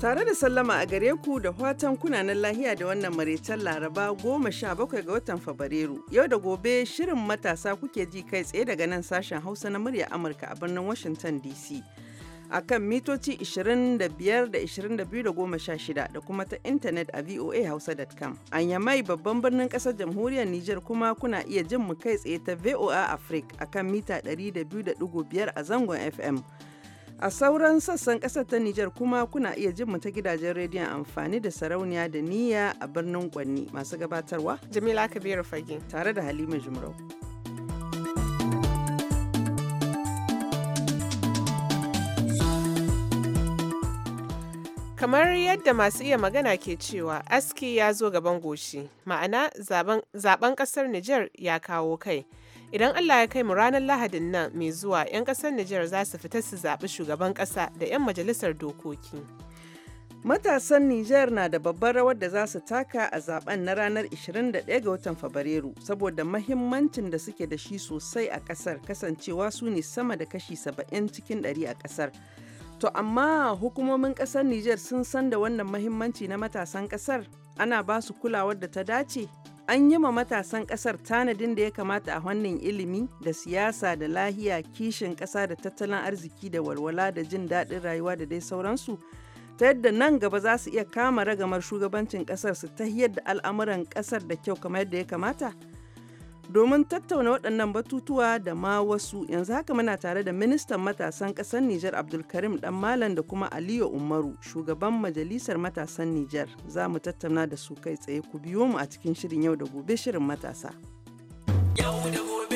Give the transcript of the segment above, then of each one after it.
Tare da sallama a gare ku da watan kunanan lahiya da wannan maraicen Laraba goma sha bakwai ga watan Fabrairu. Yau da gobe shirin matasa kuke ji kai tsaye daga nan sashen Hausa na murya Amurka a birnin Washington DC. A kan mitoci 25 da 22 da shida da kuma ta intanet a voahausa.com. An yamai babban birnin ƙasar jamhuriyar Nijar kuma kuna iya jin mu kai tsaye ta VOA Africa a kan mita 200.5 a zangon FM. A sauran sassan ƙasar ta Nijar kuma kuna iya jin mu ta gidajen rediyon amfani da sarauniya da niyya a birnin gwanni masu gabatarwa. Jamila Kabiru Fage. Tare da Halima Jumrau. kamar yadda masu iya magana ke cewa aski ya zo gaban goshi ma'ana zaben kasar nijar ya kawo kai Idan Allah ya kai mu ranar Lahadin nan mai zuwa 'yan ƙasar Nijar za su fita su zaɓi shugaban ƙasa da 'yan majalisar dokoki. Matasan Nijar na da babbar rawar da za su taka a zaben na ranar 21 ga watan Fabrairu saboda mahimmancin da suke da shi sosai a kasar kasancewa su ne sama da kashi 70 cikin 100 a kasar. To amma hukumomin kasar Nijar sun san da wannan mahimmanci na matasan kasar ana ba su kulawar da ta dace An yi ma matasan ƙasar tanadin da ya kamata a wannan ilimi da siyasa da lahiya kishin ƙasa da tattalin arziki da walwala da jin daɗin rayuwa da dai sauransu. ta yadda nan gaba za su iya kama ragamar shugabancin kasar su ta yadda al'amuran kasar da kyau kamar yadda ya kamata? domin tattauna waɗannan batutuwa da ma wasu yanzu haka muna tare da ministan matasan ƙasar Nijar Abdulkarim Dan Malam da kuma Aliyu Umaru shugaban majalisar matasan Nijar za mu tattauna da su kai tsaye ku biyo mu a cikin shirin yau da gobe shirin matasa. Yau da gobe.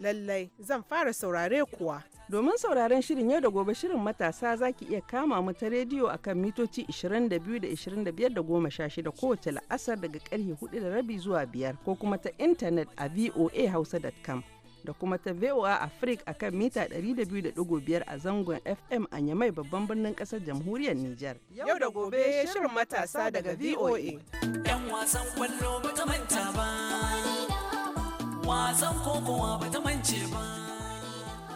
Lallai zan fara saurare kuwa. Domin sauraren shirin yau da gobe shirin matasa za ki iya kama mu ta rediyo a kan mitoci 22 da 25 da 16 kowace la'asar daga karfe 4 da rabi zuwa biyar ko kuma ta intanet a voahausa.com. da kuma ta VOA Africa a kan mita 200.5 a zangon FM a Yamai babban birnin kasar jamhuriyar Nijar. Yau da gobe shirin matasa daga VOA. 'Yan wasan kwallo ba ta manta ba. wasan kokowa ba ta mance ba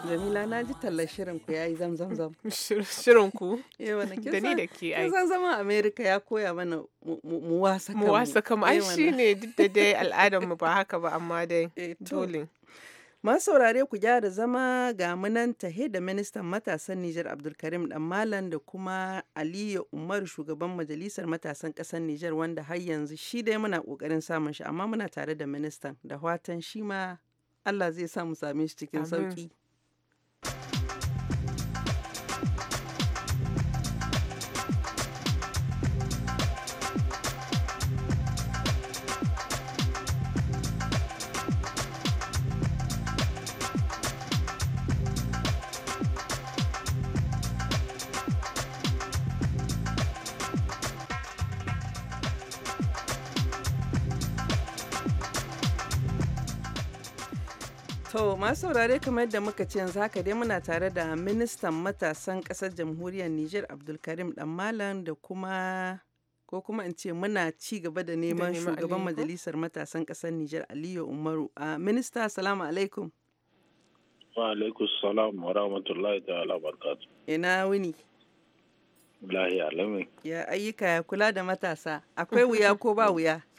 Jamila na ji tallar shirin ku yayi zamzam zam. Shirin ku? Eh, da ni da ke ai. Kin zaman Amerika ya koya mana mu wasa kama. Mu wasa kama ai shine duk da dai al'adar mu ba haka ba amma dai eh, dole. Masu saurare ku gyara zama ga munan tahe da ministan matasan Nijar Abdulkarim Malam da kuma Aliyu Umar shugaban majalisar matasan ƙasar Nijar wanda har yanzu shi dai muna ƙoƙarin samun shi amma muna tare da ministan da watan shi ma Allah zai sa mu same shi cikin sauƙi. Masu saurare kamar yadda muka ce yanzu haka dai muna tare da ministan matasan ƙasar jamhuriyar Nijar Abdulkarim Malam da kuma ko kuma in ce muna ci gaba da neman shugaban majalisar matasan ƙasar Nijar Aliyu Umaru. a minista, salamu alaikum. Wa alaikum salam wa rahmatullahi ta'ala alabarkatu Ina wuni. Lahiya lamin. Ya ayyuka ya kula da matasa. Akwai wuya ko ba wuya?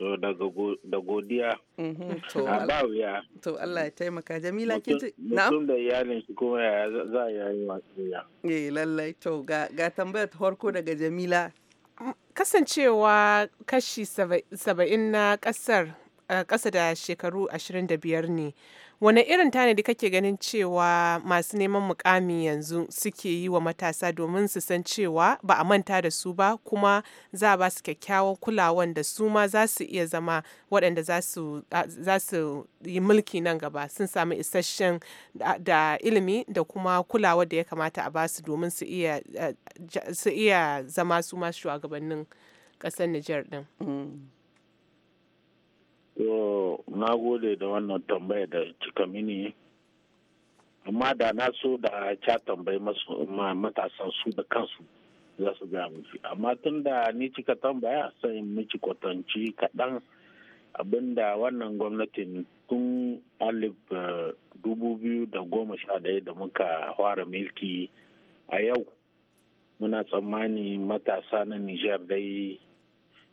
to da godiya mhm, ba wuya to Allah ya taimaka jamila ke ce na mutum da iyalin shi kuma ya za ya yi wasu eh lallai to ga ga tambayar farko daga jamila kasancewa kashi saba'in na kasar eh, ƙasa da shekaru 25 ne Wane irin tanadi kake ganin cewa masu neman mukami yanzu suke yi wa matasa domin su san cewa ba a manta da su ba kuma za a ba su kyakkyawan kulawan da su ma za su iya zama waɗanda za su yi mulki nan gaba sun samu isasshen da ilimi da kuma kulawa da ya kamata a ba su domin su iya zama su ma shugabannin ƙasar Nijar ɗin. Mm. na gode da wannan tambaya da cika mini amma da na so da ca tambayi matasan su da kansu za su gaya mafi amma tun da ni cika tambaya sai miki kwatanci kaɗan abinda wannan gwamnatin tun alif eh, dubu biyu da goma sha ɗaya da muka fara milki a yau muna tsammani matasa na nijar dai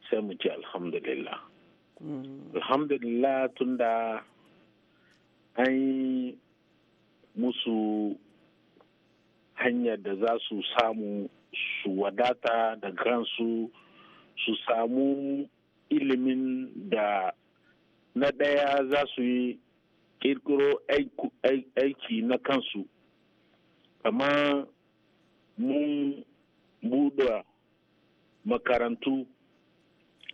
sai mu ce alhamdulillah alhamdulillah tunda an yi musu hanyar da za su samu su wadata da kansu su samu ilimin da na ɗaya za su yi kirkiro aiki na kansu amma mun buɗe makarantu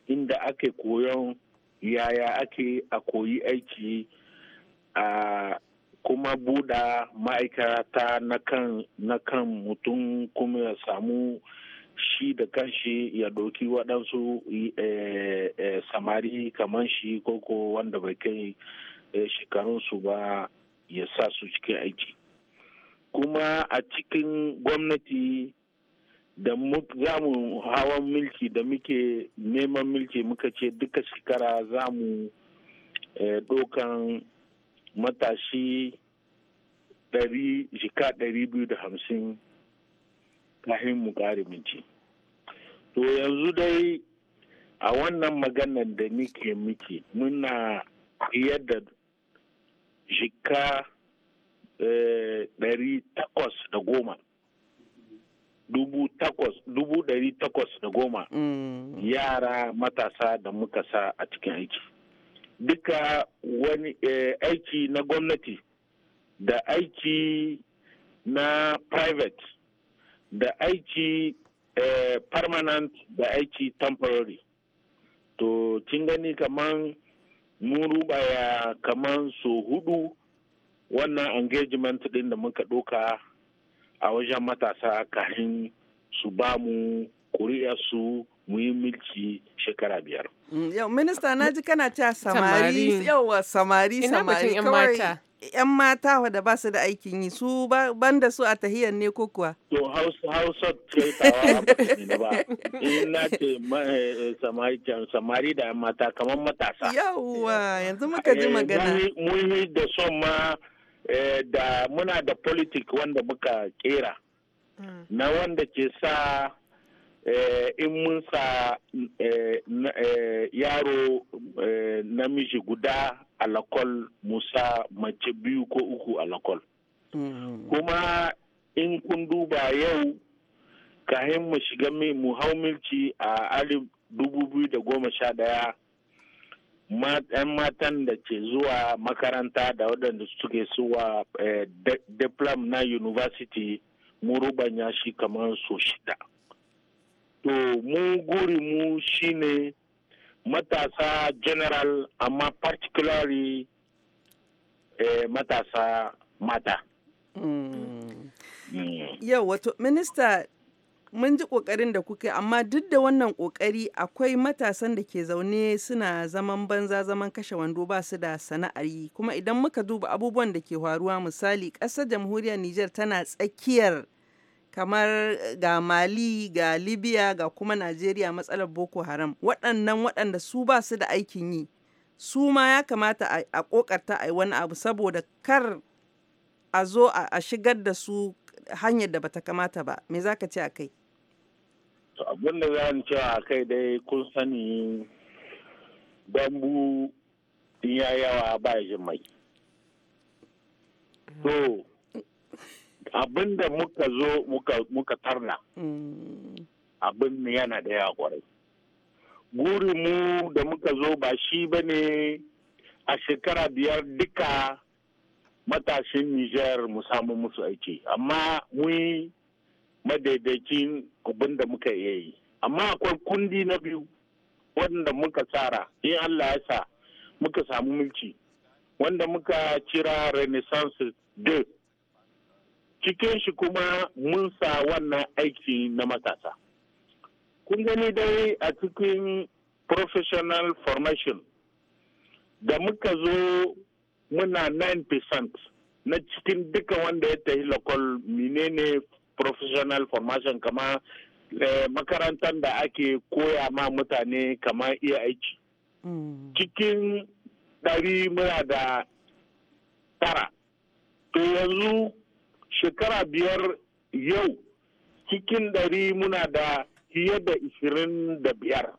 inda ake koyon yaya ake a koyi aiki a kuma buɗa ma'aikata na kan mutum kuma ya samu shi da kanshi ya ɗauki waɗansu eh, eh, samari kamar shi koko wanda bai kai eh, shekarunsu ba ya sa su cikin aiki kuma a cikin gwamnati da zamu hawan milki da muke neman milki muka ce duka shekara zamu mu dokan eh, matashi jika ɗari biyu da hamsin kafin mu kare minci to yanzu dai a wannan maganar da nike miki muna yadda jika eh, ɗari takwas da goma dubu ɗari takwas da goma mm. yara matasa da muka sa a cikin aiki duka wani eh, aiki na gwamnati da aiki na private da aiki eh, permanent da aiki temporary to kin gani kaman muru baya kaman su hudu wannan engagement din da muka ɗauka a wajen matasa kafin su ba mu su mu yi milki shekara biyar. Mm, yau minista na ji kana cewa samari yawa samari samari kawai yan mata wadda ba su da aikin yi su ban da su a tahiyar ne ko kuwa. To hausa taitawa ba in na ce eh, eh, samari da yan mata kamar matasa. Yawwa yanzu muka ji eh, magana. Mun yi da son ma Eh, da muna da politik wanda muka kera hmm. na wanda ke sa eh, in mun sa eh, yaro namiji guda alakol musa mace biyu ko uku alakol hmm. kuma in kun duba yau kahin mu shiga mu hau milci a alif dubu biyu da goma sha daya 'yan matan da ke zuwa makaranta da waɗanda suke zuwa eh, diplom na university mu rubanya shi kamar so shida. To mu guri mu shine matasa general amma particularly eh, matasa mata. Mm. Mm. Yau wato minista mun ji kokarin da kuka yi amma duk da wannan kokari akwai matasan da ke zaune suna zaman banza zaman kashe wando ba su da sana'ar yi kuma idan muka duba abubuwan da ke faruwa misali ƙasar jamhuriyar Nijar tana tsakiyar kamar eh, ga Mali ga Libya ga kuma Najeriya matsalar Boko Haram waɗannan waɗanda su ba su da aikin yi su ma ya kamata a kokarta a yi wani abu saboda kar a zo a shigar da su hanyar da bata kamata ba me zaka ce a kai To abin da za cewa a kai dai kun sani dambu in ya yawa ba shi mai. To abin da muka zo muka tarna abin yana da yawa kwarai. mu da muka zo ba shi ba ne a shekara biyar duka matashin Nijar mu samu musu aiki. Amma mun madaidaicin abin da muka iya yi amma akwai kundi na biyu wanda muka tsara in allah ya sa muka samu mulki wanda muka cira renaissance day cikin shi kuma mun sa wannan aiki na matasa kun gani dai a cikin professional formation da muka zo muna 9% na cikin duka wanda ya tahi lakol menene professional formation kama eh, makarantar da ake koya ma mutane kama iya aiki hmm. cikin ɗari muna da tara to yanzu shekara biyar yau cikin ɗari muna da fiye da ishirin da biyar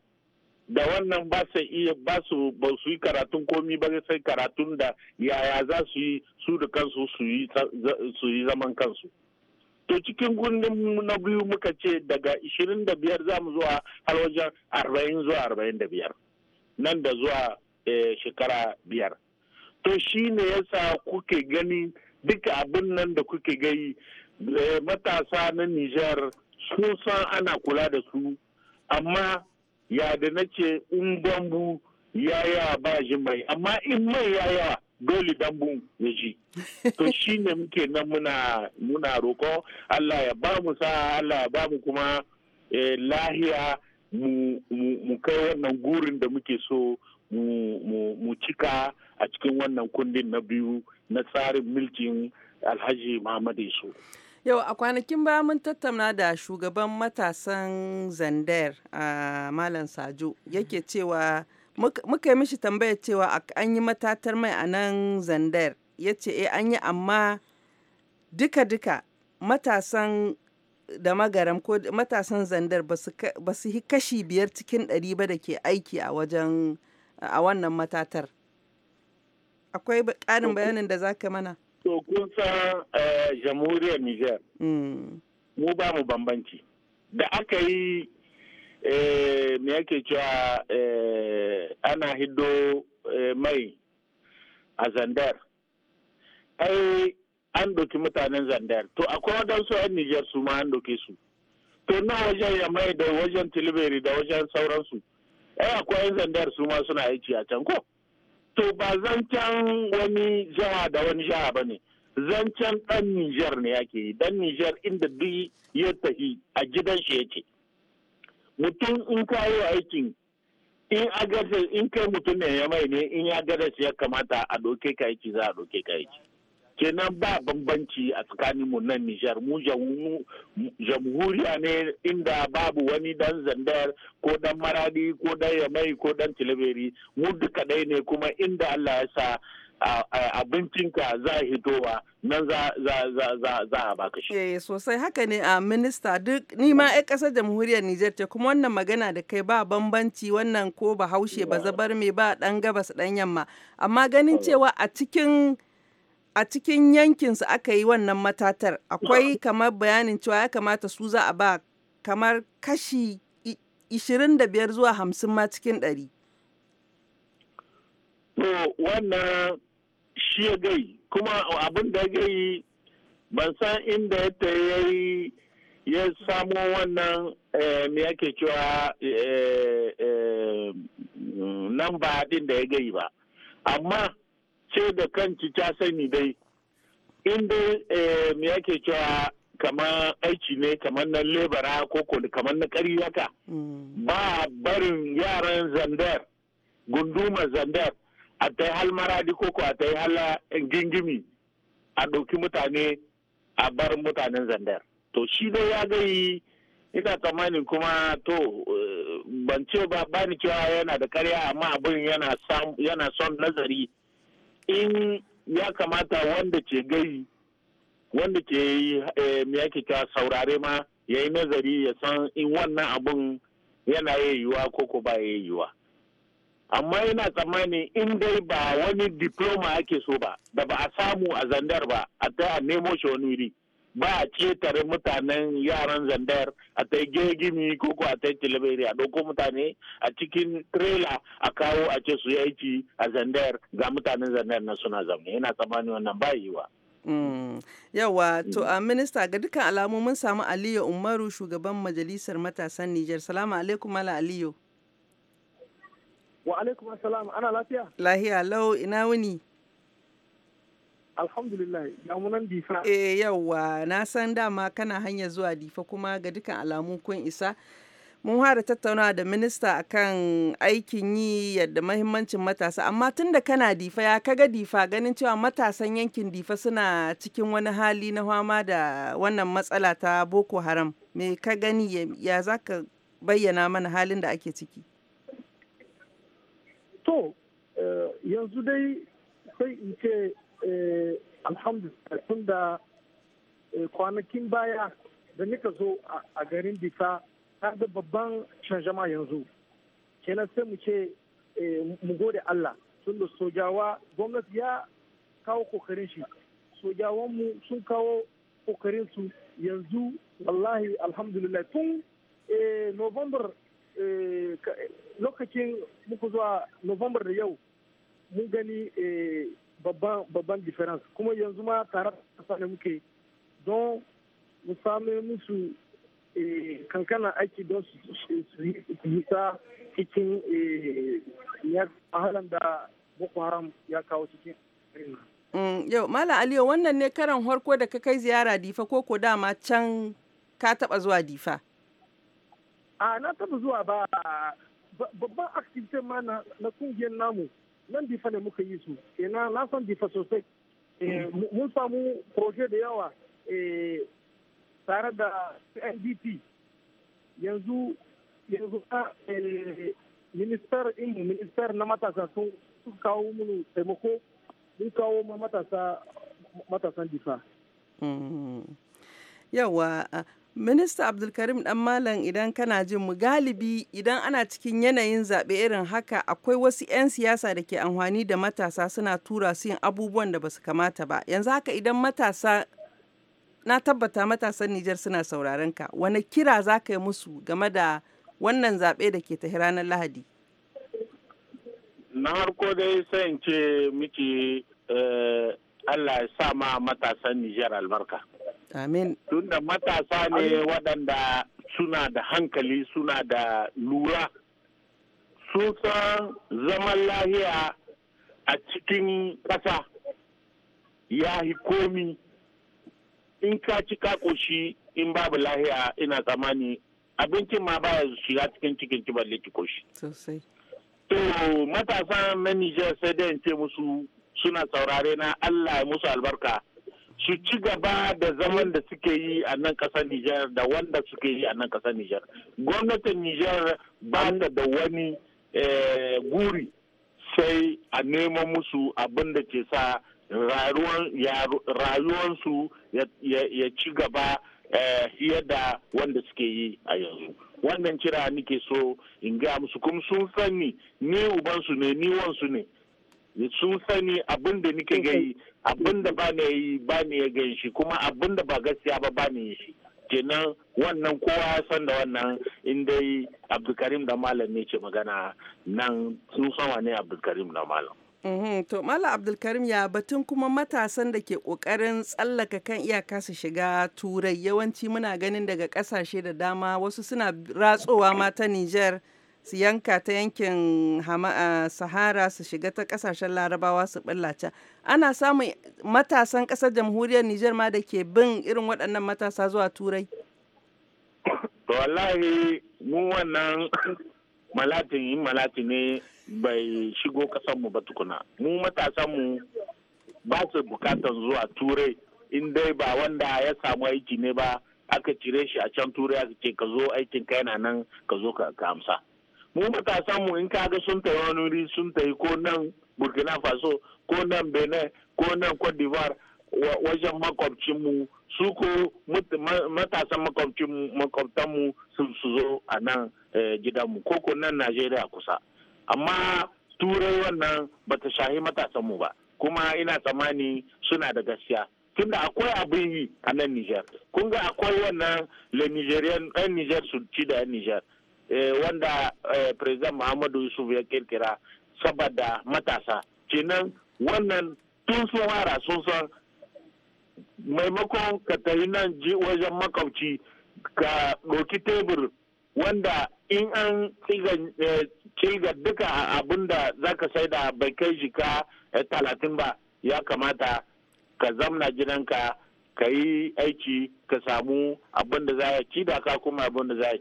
da wannan ba su iya ba su ba su yi karatun komi ba sai karatun da yaya za su yi su da kansu su yi zaman kansu to cikin gundun na biyu muka ce daga 25 za mu zuwa har wajen 40 zuwa 45 nan da zuwa eh, shekara biyar to shi ne ya sa kuke gani duka abin nan da kuke gani eh, matasa na Nijar sun san ana kula da su amma ya da nace in bambu yaya ba shi mai amma in mai ya yawa. dole mu ya ji to shi ne muke nan muna muna roko Allah ya ba mu sa Allah ya ba mu kuma eh, lahiya mu kai wannan gurin da muke so mu cika a cikin wannan kundin na biyu na tsarin milkin alhaji Muhammad Isu. Yau a kwanakin ba mun tattauna da shugaban matasan Zander a ah, Malam Sajo yake cewa muka yi mishi tambayar cewa an yi matatar mai a nan zandar ya ce eh an yi amma duka-duka matasan da magaram ko matasan zandar ba su yi kashi biyar cikin ɗari ba da ke aiki a wajen a wannan matatar akwai ƙarin bayanin da za ka mana to kun eh, jamhuriyar niger mm. mu ba mu bambanci da aka yi Eh, me yake cewa eh, ana hido eh, mai a zandar ai an doki mutanen zandar to akwai waɗansu 'yan nijar su ma an doke su to na wajen ya mai da wajen tilibiri da wajen sauransu ai akwai 'yan zandar su ma suna aiki a can ko to ba zancen wani jiha da wani jiha ba ne zancen ɗan nijar ne ake yi dan nijar inda duk ya tafi a gidan shi yake mutum in kayo aikin in agarsa in kai mutum ne ya mai ne in ya gada ya kamata a doke ka aiki za a doke ka aiki kenan ba bambanci a tsakanin mu nan Nijar mu jamhuriya ne inda babu wani dan zandar ko dan maradi ko dan yamai ko dan tilaberi mu duka dai ne kuma inda Allah ya sa ka za a hitowa nan za a baka shi. Eh sosai haka ne a minista duk ni ma 'yan ƙasar jamhuriyar Nijar ce kuma wannan magana da kai ba bambanci wannan ko ba haushe ba zabar mai ba dan gabas dan yamma amma ganin cewa a cikin a cikin yankinsu aka yi wannan matatar akwai kamar bayanin cewa ya kamata su za a ba kamar kashi 25 zuwa 50 ma cikin ɗari. to wannan shi ya gai kuma abin da gai ban san inda ya ta yi ya samo wannan eh, me yake cewa nan ba din da ya gai ba amma ce da kanci ta sani dai inda eh, me yake cewa kamar aiki ne kamar na lebara ko kamar na ƙari mm. ba barin yaran zandar gunduma zandar a ta hal maradi ko ko a ta yi hal gingimi a ɗauki mutane a bar mutanen zandar to shi dai ya gai ina tsammanin kuma to eh, ban ce ba bani cewa yana da karya amma abin yana son nazari in ya kamata wanda ce gai wanda ke yi yake ka saurare ma ya yi nazari ya san in wannan abun yana yayyuwa ko ko ba yayyuwa. amma yana tsammani in dai ba wani diploma ake so ba da ba a samu a zandar ba a ta a nemo shi wuri ba a cetare mutanen yaran zandar a ta gegimi ko ko a ta tilibiri a ɗauko mutane a cikin trela a kawo a ce su aiki a zandar ga mutanen zandar na suna zaune yana tsammani wannan ba yi wa. Mm. yawa to mm. a minista ga dukkan alamomin samu aliyu umaru shugaban majalisar matasan niger salamu alaikum ala aliyu Wa alaikum assalam ana lafiya? Lahiya lau ina wuni? Alhamdulillah nan difa. Eh yawa na san dama kana hanya zuwa difa kuma ga dukan alamu kun isa. Mun fara tattaunawa da minista akan aikin yi yadda mahimmancin matasa amma tun da kana difa ya kaga difa ganin cewa matasan yankin difa suna cikin wani hali na fama da wannan matsala ta Boko Haram. Me ka gani ya za ka bayyana mana halin da ake ciki? to eh, yanzu dai sai in ce eh, alhamdulillah tun da eh, kwanakin baya da nika zo a garin bisa ta da babban canjama yanzu kenan sai mu ce mu gode Allah tun da sojawa gwamnati ya kawo kokarin shi sojawanmu sun kawo kokarin su yanzu wallahi alhamdulillah tun november Eh, lokacin muku zuwa november da yau mun gani eh, babban difference kuma yanzu ma tare da ne muke don mu same musu eh, kankanan aiki don su nisa cikin mahalan da boko haram ya kawo cikin mm, yau malam aliyu wannan ne karan harko da ka kai ziyara difa ko ko dama can ka taba zuwa difa a na taba zuwa ba babban activity ma na kungiyar namu nan difa ne muka yi su eh, na san difa sosai eh, mhm. mun samu proje da yawa eh, tare da ndp yanzu yanzu a ministar inmu ministar na matasa sun kawo mun taimako sun kawo ma matasa matasan difa mhm. yawa Minista Abdulkarim dan Malam idan kana jin mu galibi idan ana cikin yanayin zaɓe irin haka akwai wasu 'yan siyasa da ke amfani da matasa suna tura su yin abubuwan da basu kamata ba. Yanzu haka idan matasa na tabbata matasan Nijar suna sauraron ka wani kira za ka yi musu game da wannan zaɓe da ke Tahira ranar Lahadi? Na harko dai sai ce miki eh, Allah ya sa ma matasan Nijar albarka. Amin. Tunda matasa ne waɗanda suna da hankali suna da lura. Sun san zaman lahiya a cikin ƙasa ya yi komi. In ka ci ka in babu lahiya ina tsammani abincin ma baya shiga cikin cikin ki ki koshi. Sosai. To matasa na Nijar sai da ce musu suna saurare na Allah ya musu albarka. su ci gaba da zaman da suke yi a nan kasar Nijar da wanda suke yi a nan ƙasar Nijar. Gwamnatin Nijar ba ta da wani eh, guri sai a nemo musu abin da ke sa rayuwarsu ya ci gaba eh, fiye da wanda suke yi a yanzu. Wannan kira nike so in ga musu kuma sun sani ni ubansu ne ni wansu ne. sun sani abin da nike gai abin da ba ne yi ba ne ya gan shi kuma abin da ba gaskiya ba ba ne yi shi kenan wannan kowa ya san da wannan in dai abdulkarim da malam ne ce magana nan sun san wane abdulkarim da malam to malam abdulkarim ya batun kuma matasan da ke kokarin tsallaka kan iyaka su shiga turai yawanci muna ganin daga kasashe da dama wasu suna ratsowa mata ta niger su yanka ta yankin sahara su shiga ta kasashen larabawa su ɓallaca ana samun matasan ƙasar jamhuriyar nijar ma da ke bin irin waɗannan matasa zuwa turai to wallahi mu wannan malatin yin malati ne bai shigo kasanmu ba tukuna mu matasanmu ba su bukatan zuwa turai in dai ba wanda ya samu aiki ne ba aka cire shi a can turai aka ce ka zo aikin kai na nan ka zo ka amsa mu matasan mu in ka ga sun tayi wani wuri sun tayi ko nan burkina faso ko nan benin ko nan cote d'ivoire wajen makwabcin mu su ko matasan makwabtan mu sun su zo a nan eh, gidanmu ko ko nan najeriya kusa amma turai wannan bata shahi matasan mu ba kuma ina tsammani suna da gaskiya tunda akwai abin yi a nan niger Kun ga akwai wannan le Nigerian ɗan niger su ci da yan niger. Eh, wanda eh, president muhammadu yusuf ya kirkira saboda matasa kenan wannan tun sun hara sun san maimakon ka tafi nan wajen makwabci ka ɗauki tebur wanda in an cilga eh, duka abin da za ka sai da bai kai shi ka talatin ba ya kamata ka zamna gidanka ka yi aiki ka samu abin da za a ci da ka kuma abin da za a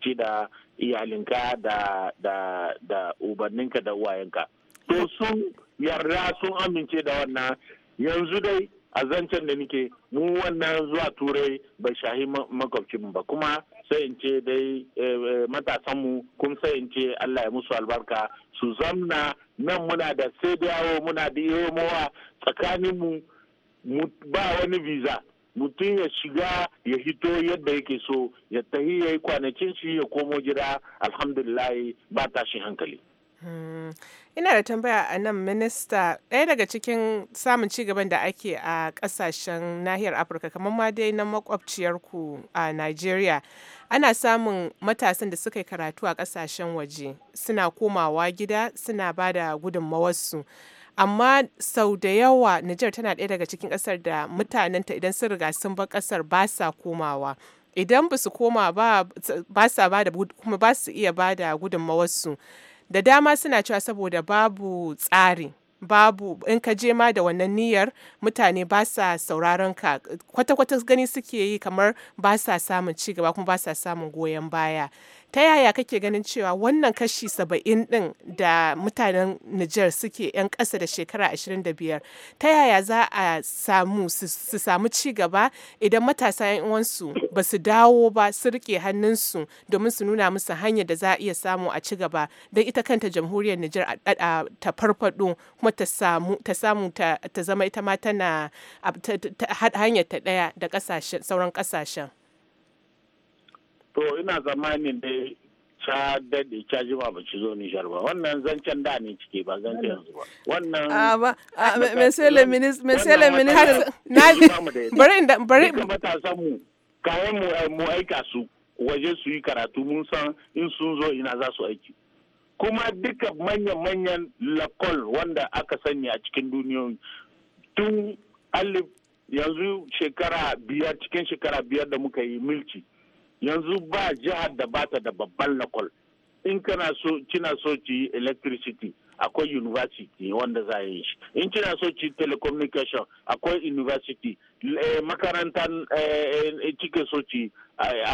ci da iyalinka da da da ubanninka da uwayenka to sun yarda sun amince da wannan yanzu dai a zancen da nike mu wannan zuwa turai bai shahi makwabcinmu ba kuma sai in ce dai eh, eh, matasanmu kun sai in ce allah ya musu albarka su zamna nan muna da sai dawo muna da yomowa tsakaninmu ba wani visa mutum ya shiga ya hito yadda yake so ya tahi ya yi kwanakin shi ya komo gida alhamdulillah ba tashin hankali hmm. ina da tambaya a nan minista ɗaya daga cikin samun cigaban da ake a ƙasashen nahiyar afirka kamar ma dai na makwabciyarku a nigeria ana samun matasan da suka yi karatu a ƙasashen waje suna komawa gida suna ba da gudunmawarsu amma sau da yawa Nijar tana ɗaya daga cikin ƙasar da mutanenta idan sun riga sun bar ƙasar ba sa komawa idan ba su koma ba sa ba da kuma ba su iya ba da gudunmawarsu da dama suna cewa saboda babu tsari babu in ka je ma da wannan niyyar mutane ba sa sauraron ka kwata-kwata gani suke yi kamar ba sa samun cigaba kuma ba sa samun goyon baya ta yaya kake ganin cewa wannan kashi saba'in din da mutanen Nijar suke 'yan ƙasa da shekara 25 ta yaya za a samu su samu ci gaba idan matasa 'yan uwansu ba su dawo ba su rike hannunsu domin su nuna musu hanyar da za a iya samu a ci gaba don ita kanta jamhuriyar Nijar ta farfado kuma ta samu ta zama ita ma tana hanyar ta ɗaya da sauran ƙasashen. to ina zamanin da ta daɗe ta jima ba ci zo Nijar ba wannan zancen da ne cike ba zancen yanzu ba wannan a ah, ba ah, mesele minis mesele minis na bari da bari matasan mu kayan mu eh, mu aika su waje su yi karatu mun san in sun zo ina za su aiki kuma duka manyan manyan lakol wanda aka sani a cikin duniyoyi tun alif yanzu shekara biyar cikin shekara biyar da muka yi milki yanzu ba jihar da bata da babban lakol in kana so kina so ci electricity akwai university wanda za yi shi in kina so ci telecommunication akwai university eh, makaranta eh, eh, kike so ci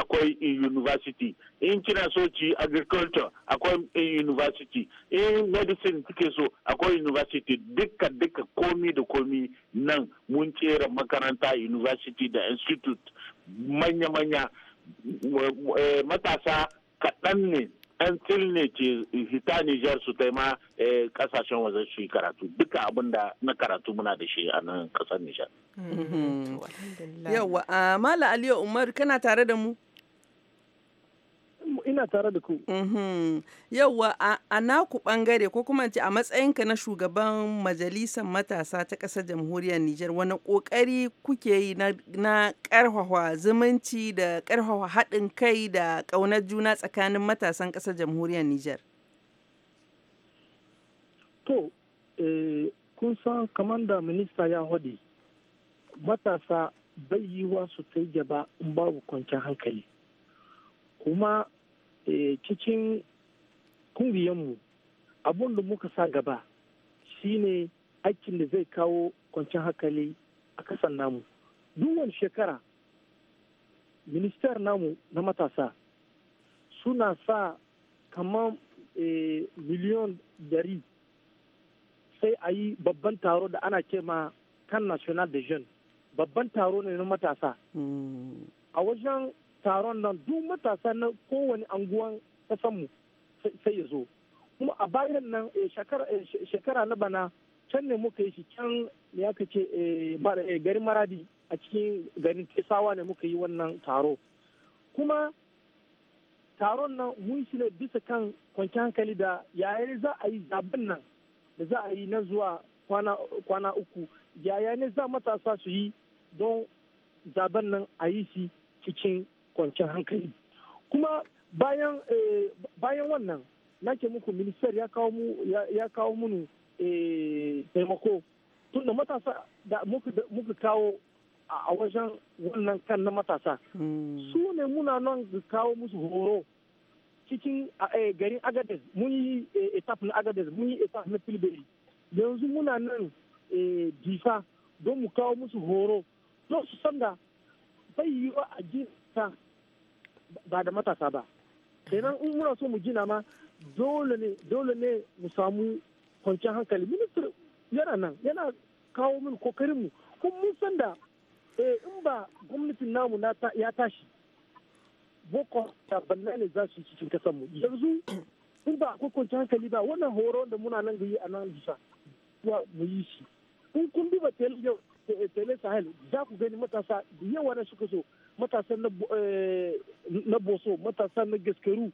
akwai university in kina so ci agriculture akwai university in medicine kike so akwai university duka duka komi da komi nan mun kera makaranta university da institute manya-manya Eh, matasa kaɗan ne ɗan til ne ke hita Nijar su taima eh, ƙasashen waje su yi karatu duka abin da na karatu muna da shi a nan ƙasar Nijar. Mm-hmm. Yawwa, ah, Mala Aliyu Umar kana tare da mu? ina tare da ku. Uhm. Yauwa a naku bangare ko kuma ce a matsayinka na shugaban majalisar matasa ta ƙasar jamhuriyar Nijar wani ƙoƙari kuke yi na ƙarfafa zumunci da ƙarfafa haɗin kai da ƙaunar juna tsakanin matasan ƙasar jamhuriyar Nijar. To, eh, kun san kamar minista ya haɗe, matasa bai yiwa su ta gaba in babu kwanciyar hankali. kuma Eh, cikin kungiyanmu abun da muka sa gaba shine aikin da zai kawo kwanciyar hankali a kasan namu duk wani shekara ministar namu na matasa suna sa kamar eh, miliyon dari sai a yi babban taro da ana kema ma kan national de jeune babban taro ne na matasa mm. a wajen taron nan duk matasa na kowane anguwan kasanmu sai ya zo kuma a bayan nan eh, eh, shekara na bana can ne muka yi shi can ne aka ce eh, garin maradi a cikin garin tesawa ne muka yi wannan taro kuma taron nan mun shi ne bisa kan kwanci hankali da yayin za a yi zaben nan da za a yi na zuwa kwana uku yayin za matasa su yi don zaben nan a yi shi cikin kwanciyar hankali kuma bayan eh, bayan wannan nake muku minister ya kawo mu ya kawo munu eh, taimako tun da matasa da muka kawo a wajen wannan kan na matasa hmm. su ne muna nan kawo musu horo cikin eh, garin agades mun yi etap na agadez mun yi etap na filberi yanzu muna nan difa don mu kawo musu horo don su san bai yi wa a ta ba da matasa ba kenan in muna so mu gina ma dole ne dole ne mu samu kwanciyar hankali minister yana nan yana kawo min kokarin mu kun mun san da eh, in ba gwamnatin namu ya tashi boko ta banna ne za su cikin kasar mu yanzu in ba akwai kwanciyar hankali ba wannan horo da muna nan gayi a nan bisa mu yi shi in kun duba tele sahel za ku gani matasa da yawa na suka so matasan eh, na boso matasan na gaskaru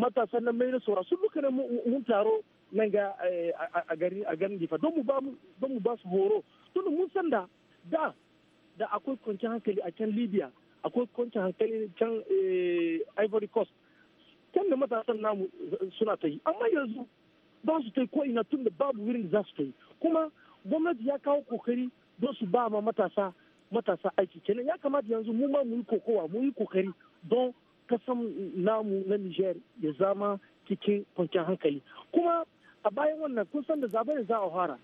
matasan na mai nasara sun duka ne mun taro nan ga eh, a garin a garin difa don mu ba don mu ba su horo tun mun san da da da akwai kwanciyar hankali a can libya akwai kwanciyar hankali can eh, ivory coast can da matasan namu suna ta yi amma yanzu ba su ta yi ko ina tun da babu wurin da za su ta yi kuma gwamnati ya kawo kokari don su ba ma matasa matasa aiki kenan ya kamata yanzu mu ma mu yi kokowa mu yi kokari don kasan namu na Niger ya zama cikin kwanciyar hankali kuma a bayan wannan kun san da zaɓe da za a fara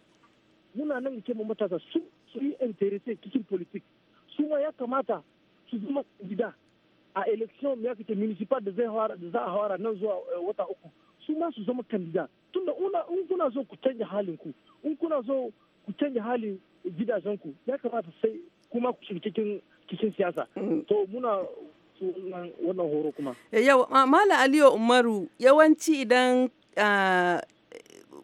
muna nan ke matasa su su yi interesse cikin politik su ma ya kamata su zama gida a election ya fita municipal da zai fara da za a fara nan zuwa eh, wata uku su ma su zama kandida tunda in kuna so ku canja halin ku in kuna so ku canja halin gidajen ku ya kamata sai kuma ku shiga cikin cikin siyasa mm. to muna wannan horo kuma eh, yau mala aliyo umaru yawanci idan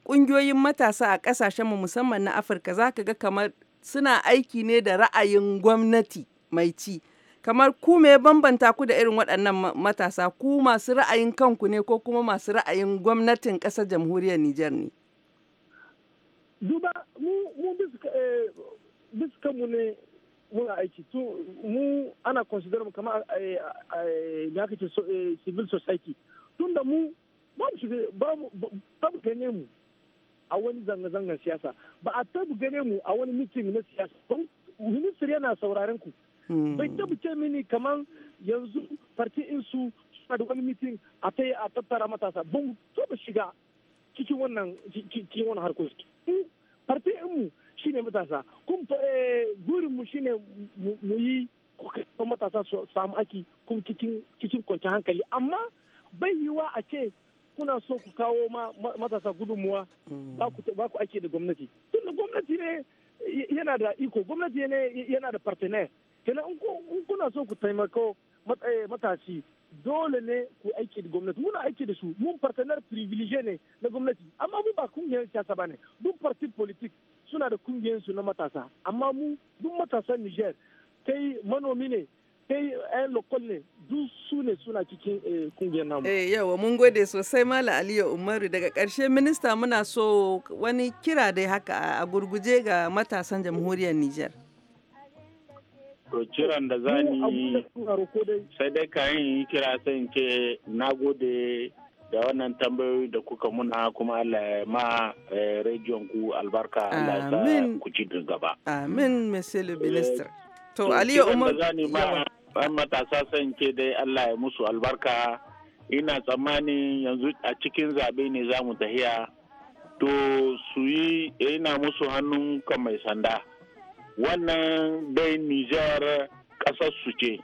kungiyoyin ah, matasa a kasashen mu musamman na afirka zaka ga kamar suna aiki ne da ra'ayin gwamnati mai ci kamar ku me bambanta ku da irin waɗannan matasa ku masu ra'ayin kanku ne ko kuma masu ra'ayin gwamnatin ƙasar jamhuriyar Nijar ne? Duba mu bisa mu eh, ne muna aiki to mu ana consider mu kamar ya eh, eh, kace eh, civil society tun da mu babu ba babu gane mu a wani zanga-zangar siyasa ba a tabu gane mu a wani meeting na siyasa ministry yana sauraren ku hmm. bai tabu ce mini kamar yanzu parti su suna da wani meeting a ta a tattara matasa ban tabu shiga cikin wannan cikin wannan harkoki parti mu shine matasa kun gurin eh, mu shine mu yi ko matasa su samu aiki kuma cikin cikin hankali amma bai yiwa a ce kuna so ku kawo matasa gudunmuwa mm. ba ku ake da gwamnati tun da gwamnati ne yana da iko gwamnati ne yana da partenaire kenan in kuna so ku taimako eh, matashi dole ne ku aiki da gwamnati muna aiki da su mun partenaire privilege ne na gwamnati amma mu ba kungiyar siyasa ba ne mun parti politique suna da kungiyarsu na matasa amma mu duk matasan niger yi manomi ne yi ayan lokal ne duk su ne suna cikin eh, kungiyar namu. Eh yawa mun gode sosai Malam Aliyu Umaru daga karshe minista muna so wani kira dai haka a gurguje ga matasan jamhuriyar Nijar. To kiran da za ni sai dai kayan yi kira sai ke na gode da wannan tambayoyi da kuka muna kuma Allah ma eh, region ku albarka Allah ku ci gaba. Amin, Monsieur Minister. Eh, to, Aliyu Umar. Ban matasa san ke dai Allah ya musu albarka. Ina tsammani yanzu a cikin zaɓe ne za mu tahiya. To, su yi ina musu hannun kan mai sanda. Wannan dai Nijar ƙasar su ce.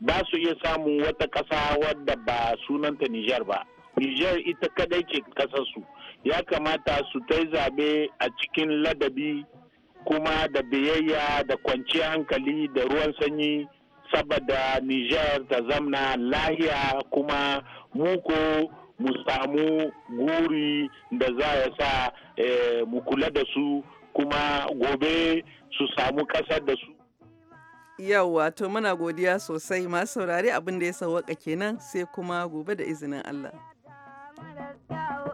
Ba su iya samun wata ƙasa wadda ba sunanta Nijar ba. Nijar ita kadai ce su ya kamata su ta zabe a cikin ladabi kuma da biyayya da kwanciyar hankali da ruwan sanyi saboda Nijar ta zamna lahiya kuma muku mu samu guri da za ya sa eh, mu kula da su kuma gobe su samu kasar da su. yau wato muna godiya sosai masu saurari abin da ya waka kenan sai kuma gobe da izinin Allah. क्या